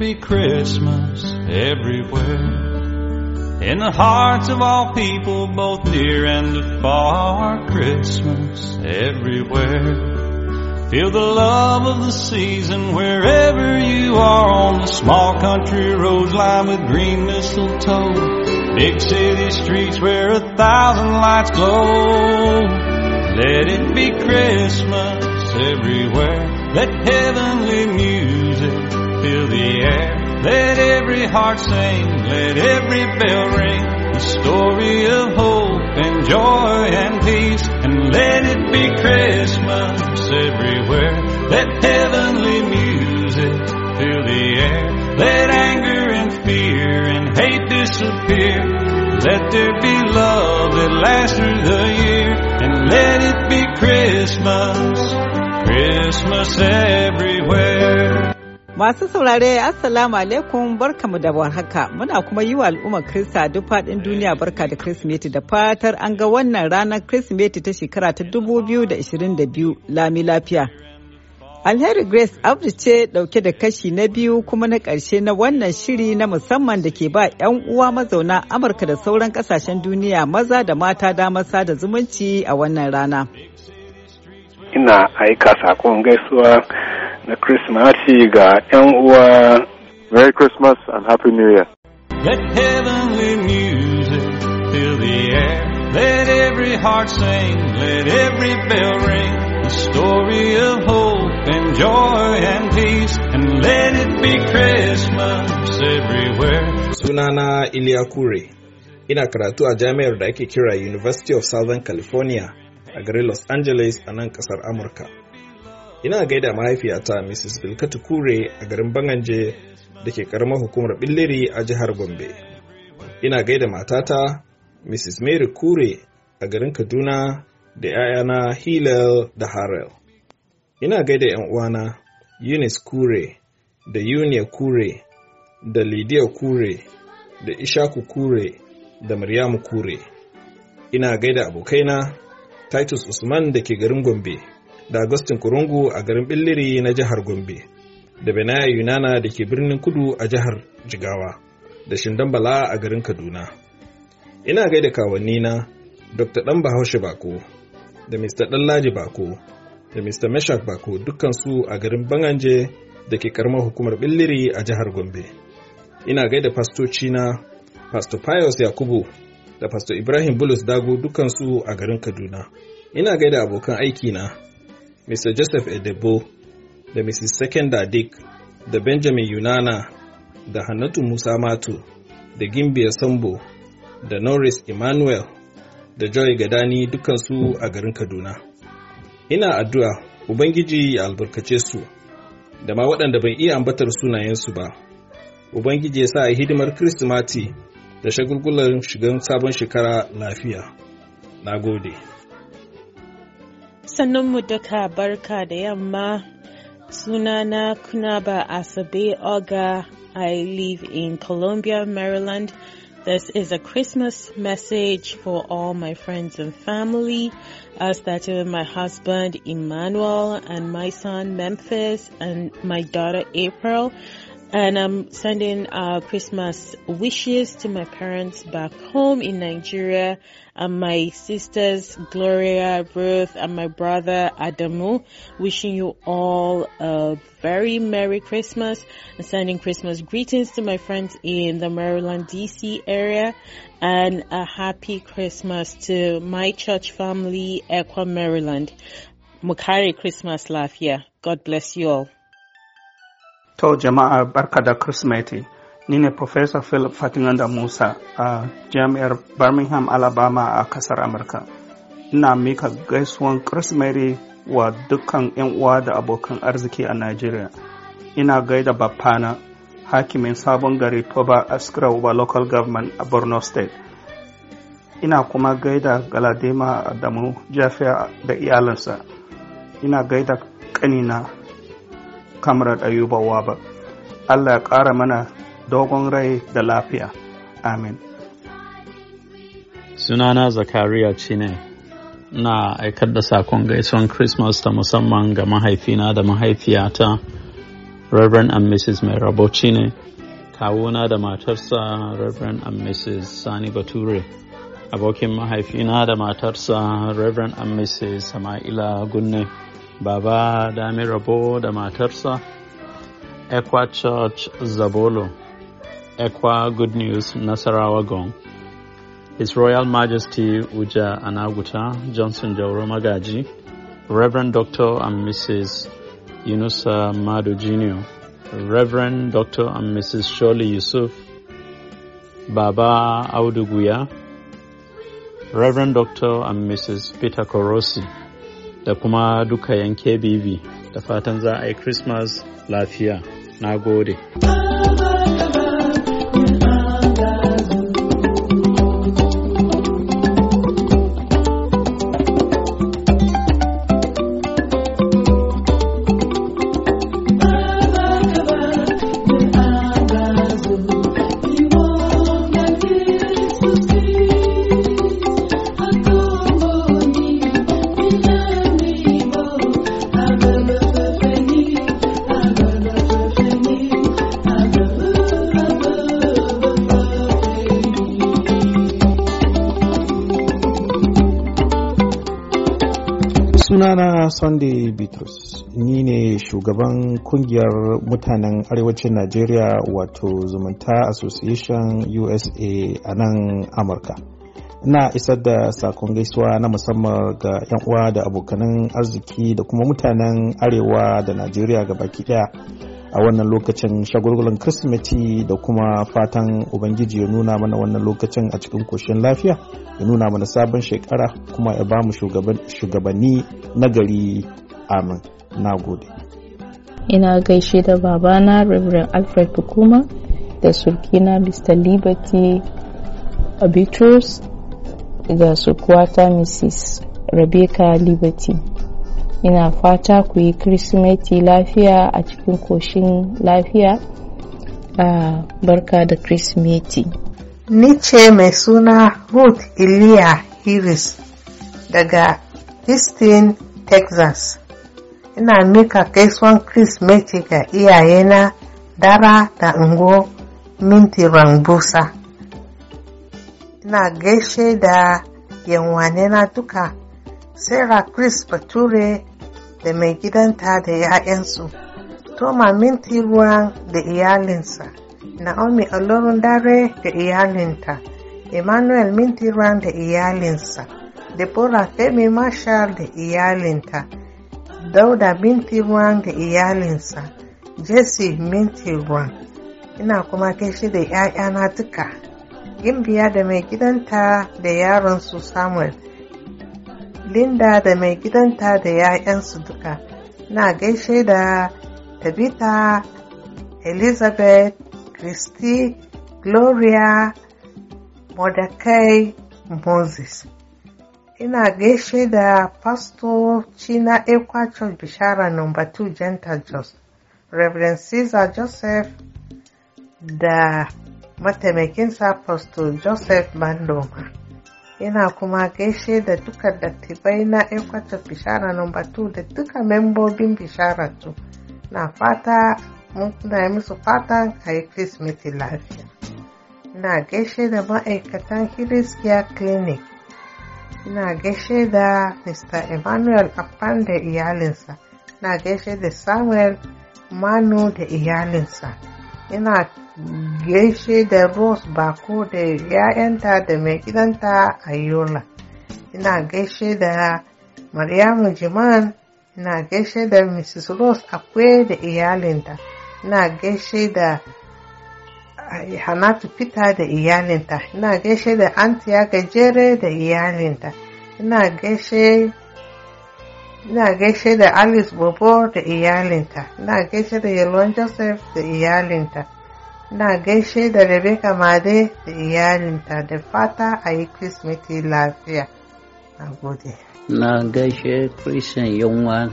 be Christmas everywhere. In the hearts of all people, both near and far, Christmas everywhere. Feel the love of the season wherever you are on the small country roads lined with green mistletoe. Big city streets where a thousand lights glow. Let it be Christmas everywhere. Let heavenly music fill the air. Let every heart sing, let every bell ring. The story of hope and joy and peace. And let it be Christmas everywhere. Let heavenly music fill the air. Let anger and fear and hate disappear. Let there be love that lasts through the year, and let it be Christmas, Christmas everywhere. Masu saurare Assalamu alaikum barkamu da warhaka muna kuma yi wa al'ummar Kirista duk faɗin duniya barka da Kirsimeti da fatar an ga wannan ranar Kirsimeti ta shekara ta 2022 lami lafiya. Alheri Grace Abdu ce ɗauke da kashi na biyu kuma na ƙarshe na wannan shiri na musamman da ke ba 'yan uwa mazauna Amurka da sauran ƙasashen duniya maza da mata damar sada zumunci a wannan rana. Ina aika saƙon gaisuwa na Kirsimati ga 'yan uwa. Merry Christmas and Happy New Year. Let heavenly music fill the air. Let every heart sing. Let every bell ring. The story of hope and joy and peace. And let it be Christmas everywhere. Sunana iliakuri Ina karatu a jami'ar da ake kira University of Southern California a garin Los Angeles a nan kasar Amurka. ina gaida mahaifiyata mrs bilkatu kure a garin banganje da ke karamar hukumar billiri a jihar gombe ina gaida matata mrs mary kure a garin kaduna da 'ya'yana hillel da harrell ina gaida 'yan uwana eunice kure da yunia kure da lidiya kure da ishaku kure da maryamu kure ina gaida abokaina titus usman da ke garin gombe da Agustin Kurungu a garin Billiri na jihar Gombe, da Benaya Yunana da ke birnin Kudu a jihar Jigawa, da Shindan Bala a garin Kaduna. Ina gaida kawanni na Dr. Dan Bahaushe Bako, da Mr. Laji Bako, da Mr. Meshak Bako dukkansu a garin Banganje da ke karamar hukumar Billiri a jihar Gombe. Ina gaida fastoci na Pastor Pius Yakubu da Pastor Ibrahim Bulus Dago dukansu a garin Kaduna. Ina gaida abokan aikina. Mr. Joseph Edebo da Mrs. Sekenda Dick da Benjamin Yunana da Hannatu Musa Matu da Gimbiya Sambo da Norris Emmanuel da Joy Gadani dukansu a garin Kaduna. Ina addu'a Ubangiji ya albarkace su da ma waɗanda ban iya ambatar sunayensu ba. Ubangiji ya sa a hidimar Kirsimati da shagulgular shigan sabon shekara lafiya. Na gode. Sannan mu duka barka da yamma sunana Kunaba Asabe Oga. I live in Columbia, Maryland. This is a Christmas message for all my friends and family. I started with my husband Emmanuel and my son Memphis and my daughter April. And I'm sending uh, Christmas wishes to my parents back home in Nigeria and my sisters Gloria, Ruth, and my brother Adamu. Wishing you all a very Merry Christmas and sending Christmas greetings to my friends in the Maryland DC area and a happy Christmas to my church family, Equa, Maryland. Mukari Christmas Lafia. God bless you all. To jama'a barka da Kirsimeti. Ni ne Professor Philip Fatinanda Musa a Jami'ar Birmingham, Alabama a kasar Amurka. Ina mika gaisuwan Kirsimeti wa dukkan 'yan uwa da abokan arziki a Najeriya. Ina gaida bafana hakimin sabon gari Toba Askira Local Government a Borno State. Ina kuma gaida galadema Adamu Jafiya da iyalansa Ina gaida kanina kamar wa ba allah ya ƙara mana dogon rai da lafiya amin sunana zakariya cine na aikar da sakon gaison christmas ta musamman ga mahaifina da mahaifiyata reverend and mrs mai rabo ne, kawuna da matarsa reverend and mrs sani bature abokin mahaifina da matarsa reverend and mrs sama'ila gunne Baba Dami Rabo da matarsa, Equa Church Zabolo, Equa Good News Nasarawa Gong, His Royal Majesty Uja Anaguta Johnson Jauro Magaji, Reverend Dr. and Mrs. Yunusa Madu Jr., Reverend Dr. and Mrs. Shirley Yusuf, Baba Auduguya, Reverend Dr. and Mrs. Peter Korosi, da kuma duka yanke bibi da fatan za a yi Christmas lafiya. Na gode. Bitrus. Ni ne shugaban kungiyar mutanen arewacin Najeriya wato zumunta Association USA a nan Amurka. Ina isar da sakon gaisuwa na musamman ga 'yan uwa da abokanan arziki da kuma mutanen arewa da Najeriya ga baki daya a wannan lokacin shagulgulan Kirsimeti da kuma fatan Ubangiji ya nuna mana wannan lokacin a cikin koshin lafiya ya nuna mana sabon shekara kuma ya ba mu shugabanni na gari amin na gode ina gaishe da babana reverend alfred bukuma da surkina mr liberty abitrus da surkuwata mrs rebecca liberty ina fata ku yi kirsimeti lafiya a cikin koshin lafiya a barka da kirsimeti ni ce mai suna ruth iliya harris daga houston texas ina mika gaisuwan kirsimeti ga iyayena dara da ngo minti rambusa ina gaishe da yanwanena duka sarah chris bature da mai gidanta da 'ya'yansu toma minti ruwan da iyalinsa naomi olorun dare da iyalinta emmanuel minti ruwan da iyalinsa deborah femi marshall da iyalinta dauda minti ruwan da iyalinsa jesse minti ruwan ina kuma gaishe da 'ya'yana duka gimbiya da mai gidanta da yaronsu samuel linda da mai gidanta da 'ya'yansu duka na gaishe da tabita elizabeth christy gloria mordecai moses ina gaishe da pastoci na Ekwa Church Bishara number 2 Gentle Jos, Reverend Caesar Joseph da mataimakinsa pastor Joseph Bandoma. Ina kuma gaishe da duka dattibai na Ekwa Church Bishara number 2 da duka membobin Bishara 2. Na fata muna musu fatan a yi Kirsimeti lafiya. Na gaishe da ma'aikatan Hiriskiya Clinic Ina gaishe da Mr. Emmanuel Afan da iyalinsa. Ina gaishe da Samuel Manu da iyalinsa. Ina gaishe da Rose Bako da 'ya'yanta da mai gidanta a Yola. Ina gaishe da Maryamu Jiman. Ina gaishe da Mrs. Rose Akwe da iyalinta. Ina gaishe da Hanatu Fita da iyalinta, ina gaishe da Antiya Gajere da iyalinta, ina gaishe da Alice Bobo da iyalinta, ina gaishe da Yalon Joseph da iyalinta, ina gaishe da Rebecca Made da iyalinta da fata a yi kirismeti lafiya. Na gode. Na gaishe Christian Yunwa,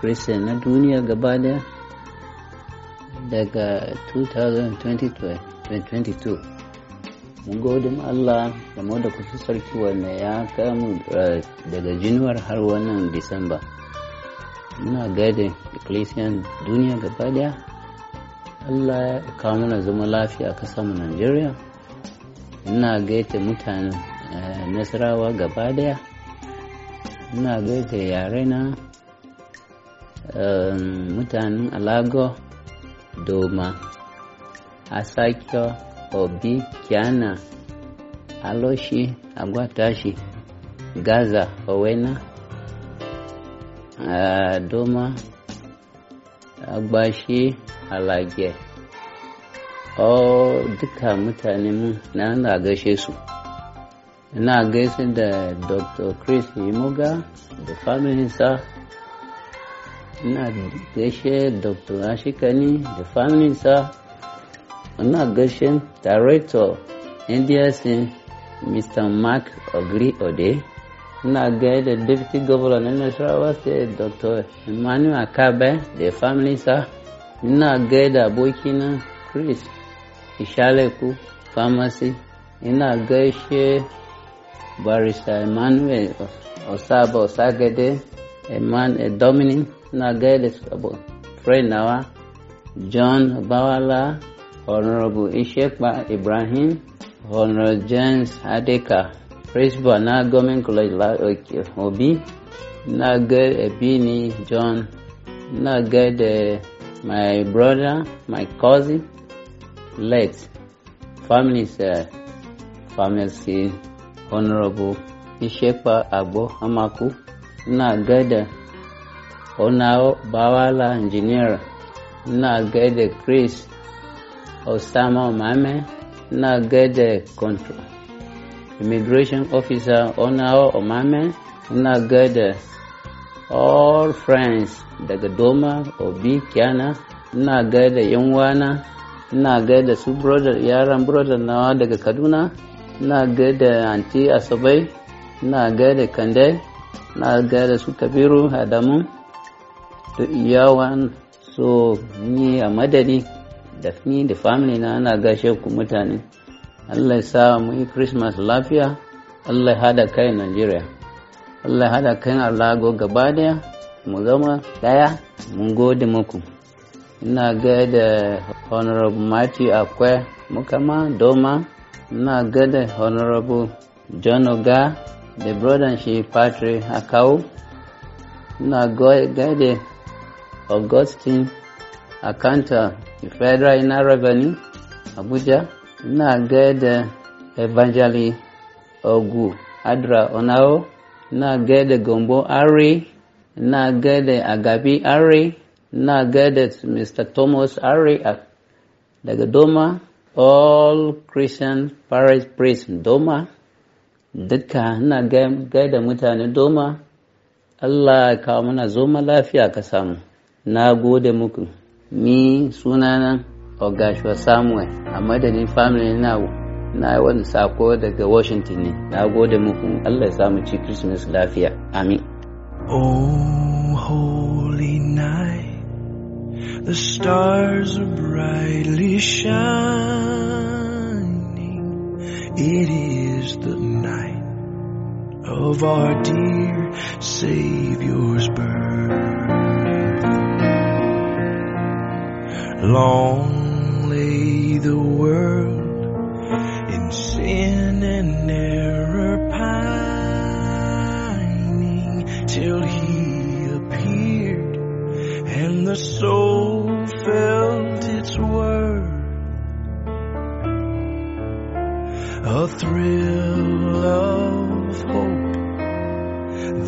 Christian na duniya gaba daya. daga 2022 mun godin Allah game da kusa sarki wanda ya kamu eh, daga januwar har wannan disamba muna gaida ecclesian duniya gaba daya Allah ya kawo mana zama lafiya a mu Najeriya muna gaita mutanen eh, nasarawa gaba daya muna gaita yare na eh, mutanen alago Udoma Asakio Obi Kiana Aloshi Agwatashi Gaza Owena Adoma ah, Agbashi Alage o duka mutane mu na na gaishe su ina gaishe da dr chris imoga da familinsa ina gaishe dr ashikani da familinsa ina gaishe director ndc mr mark ogri ode ina gaida deputy governor na nasarawa state dr emmanuel akabe family familinsa ina gaida abokina chris ishaleku pharmacy ina gaishe barista emmanuel osaba osagade emmanuel dominic na girl friend nawa John Bawala, Honorable Ishekpa Ibrahim, Honorable James Adeka, Principal na Government College La Obi, na girl Ebini John, na girl eh, my brother, my cousin, late families, uh, families, Honorable Ishekpa Abo Amaku, na girl ona bawala engineer na gede chris osama omame na gede control immigration officer ona omame na gede all friends daga doma obi kyana na gede yan wana ina su brother yaran brother nawa daga kaduna ina gede anti asabai ina gede kande ina gede su kabiru adamu to iyawan so ni a madadi da ni da family na ana gashe ku mutane allah ya sa mu yi christmas lafiya allah ya hada kai nigeria allah ya hada kai alago gaba daya mu zama daya mun gode muku ina gaida honorable mati akwai mukama doma ina gaida honorable john oga da brother shi patrick akau ina gaida augustine akanta federal inner revenue abuja na Gede Evangeli ogu adra onao na Gede gombo Ari na Gede agabi Ari na Gede mr thomas are daga doma all christian parish priest doma duka na Gede mutane doma allah ka muna mana zoma lafiya ka samu na gode muku ni sunana ogashua samuel a madadin family na na wani sako daga washington ne na gode muku allah ya samu ci christmas lafiya amin oh holy night the stars are brightly shining it is the night of our dear savior's birth Long lay the world in sin and error pining till he appeared and the soul felt its worth. A thrill of hope,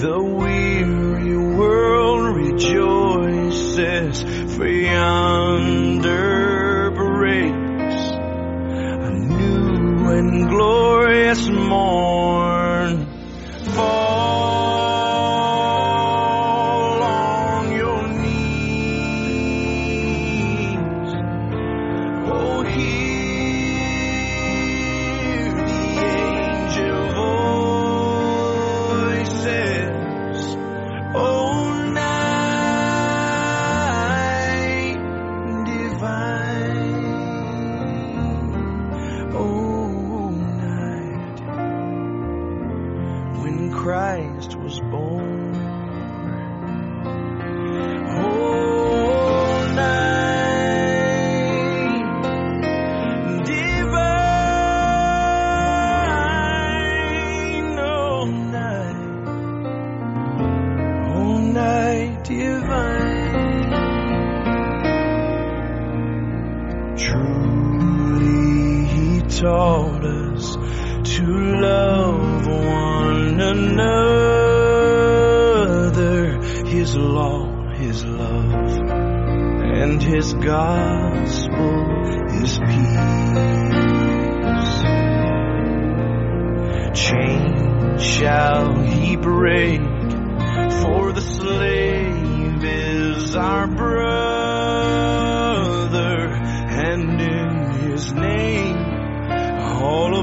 the weary world. and glorious morn. For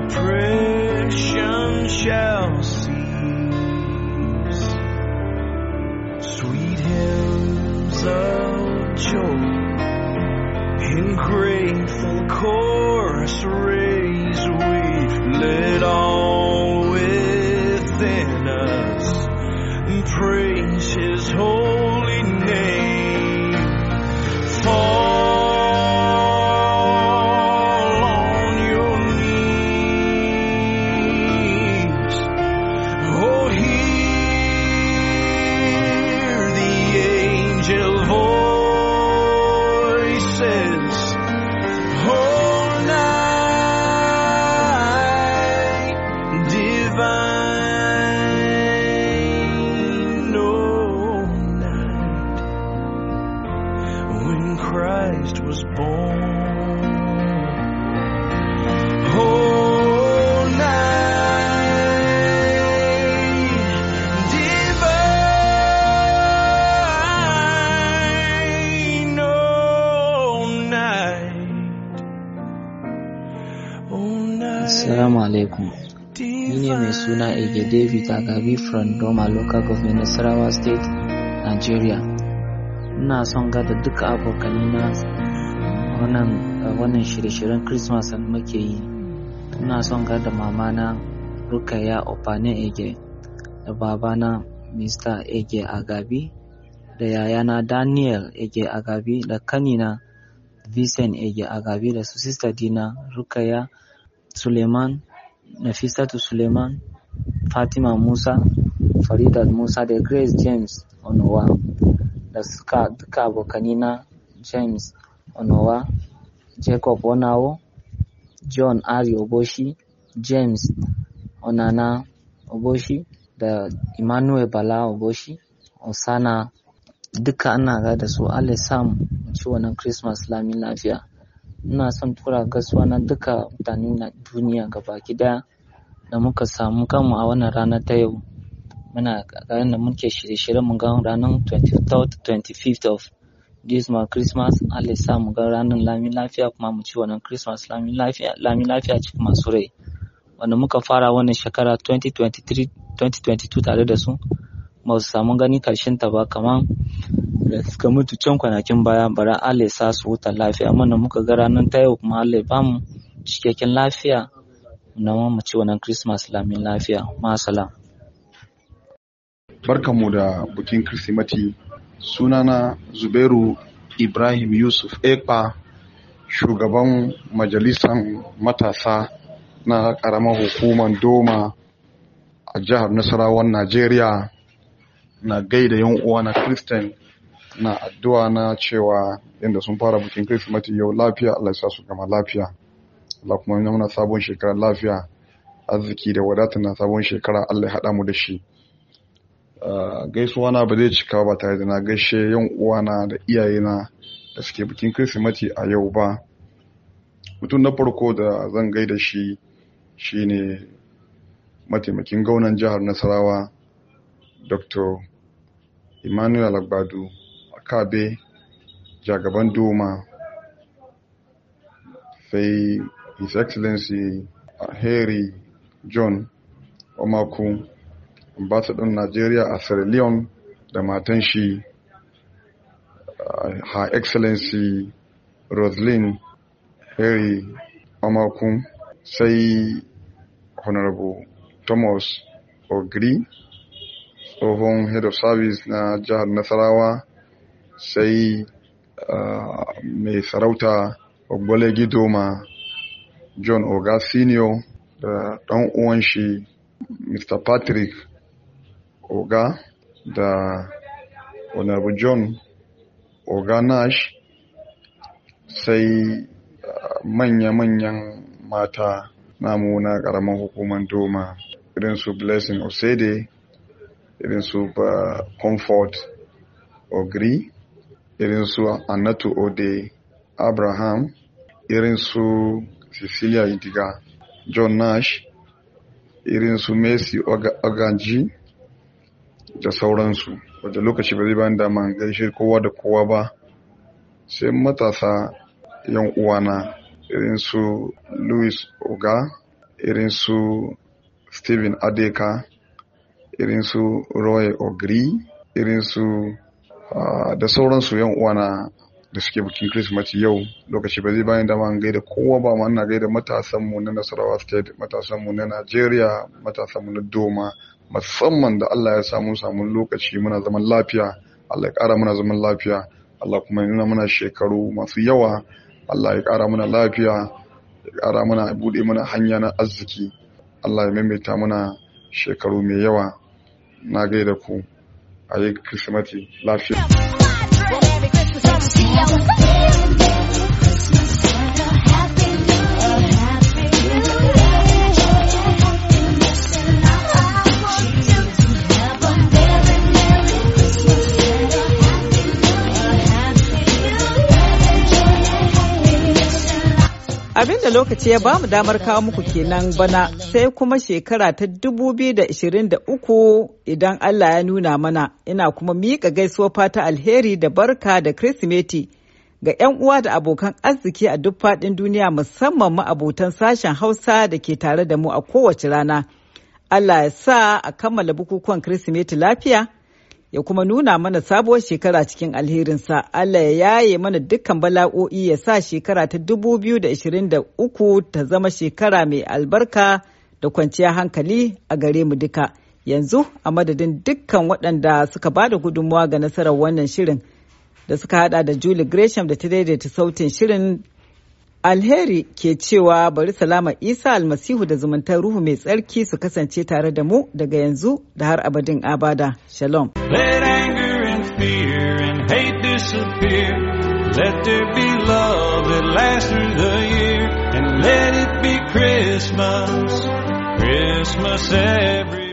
prayer. David Agabi from Doma Local Government Nasarawa State, Nigeria. Ina son gada duka abokanina wannan shirye-shiryen Christmas da muke yi. Ina son da mamana Rukaya Opane Ege da babana Mr. Ege Agabi da yayana Daniel Ege Agabi da kanina Vincent Ege Agabi da su sista Dina Rukaya Suleiman Nafisatu Suleiman Fatima Musa, Faridat Musa da Grace James Onowa da duka abokani na James Onowa, Jacob Onawo, John Ari Oboshi, James Onana Oboshi da Emmanuel Bala Oboshi, Osana duka ana ga da su Allah sa mu ci wannan Christmas lamin lafiya. Ina son tura gaisuwa na duka mutanen duniya gabaki daya. da muka samu kanmu a wannan rana ta yau muna ƙoƙarin da muke shirye-shirye mu ga ranar 23rd 25th of this month Christmas Allah ya sa mu ga ranar lami lafiya kuma mu ci wannan Christmas lami lafiya lami lafiya cikin masu rai wanda muka fara wannan shekara 2023 2022 tare da su ba su samu gani karshen ta ba kaman da suka mutu can kwanakin baya bara Allah ya sa su wuta lafiya Muna muka ga ranar ta yau kuma Allah ya bamu cikakken lafiya na ci wannan Christmas lamin lafiya. barka Barkanmu da bukin Kirsimati sunana Zubairu Ibrahim Yusuf Ekpa shugaban majalisar matasa na ƙaramar hukumar Doma a jihar Nasarawar Najeriya na gaida yan uwa na Christian na addu'a na cewa yadda sun fara bukin Kirsimati yau lafiya Allah ya sa su gama lafiya. Allah kuma nuna mana sabon shekara lafiya arziki da wadata na sabon shekara Allah ya haɗa mu da shi gaisuwa na ba zai cika ba tare da na gaishe yan uwana da iyayena da suke bikin kirsimati a yau ba mutum na farko da zan gaida shi shine mataimakin gaunan jihar nasarawa dr emmanuel agbadu akabe jagaban doma sai His Excellency uh, Harry John Omaku, Ambassador Najeriya a Sierra Leone da matan shi uh, Her Excellency Roslyn Harry Omaku sai Honorable Thomas Ogri tsohon head of service na jihar Nasarawa sai uh, mai sarauta Ogbole Gidoma john oga senior da ɗan uwan shi mr patrick oga da honorable john oga nash sai manya-manyan mata namu na ƙaramin hukumar doma irin su blessing osede irin su comfort ogri irin su annatu ode abraham irin su Cecilia diga John Nash, irin su Messi Oganji da sauransu. Wadda lokaci ba zai bayan dama gaishe kowa da kowa ba sai matasa yan uwana irin su Louis Oga, irin su Steven Adeka, irin su Roy Ogri, irin su ah, da sauransu yan uwana da suke bikin Christmas yau lokaci ba zai bayan dama an gaida kowa ba ma ana gaida matasan mu na Nasarawa State matasan mu na Najeriya matasan mu na Doma musamman da Allah ya samu samun lokaci muna zaman lafiya Allah ya ƙara muna zaman lafiya Allah kuma nuna muna shekaru masu yawa Allah ya ƙara muna lafiya ya ƙara muna buɗe muna hanya na arziki Allah ya maimaita muna shekaru mai yawa na gaida ku a yi kirsimati lafiya da lokaci ya bamu damar kawo muku kenan bana sai kuma shekara ta 2023 idan Allah ya nuna mana ina kuma miƙa gaisuwa fata alheri da barka da Kirsimeti ga 'yan uwa da abokan arziki a duk faɗin duniya musamman ma'abotan sashen Hausa da ke tare da mu a kowace rana. Allah ya sa a kammala bukukuwan Kirsimeti lafiya. ya kuma nuna mana sabuwar shekara cikin alherinsa. Allah ya yaye mana dukkan bala'o'i ya sa shekara ta 2023 ta zama shekara mai albarka da kwanciya hankali a gare mu duka. Yanzu a madadin dukkan waɗanda suka ba da gudunmawa ga nasarar wannan shirin da suka hada da Julie Gresham da ta daidaita sautin shirin Alheri ke cewa bari salama Isa almasihu da zumunta Ruhu mai tsarki su kasance tare da mu daga yanzu da har abadin abada. Shalom. Let anger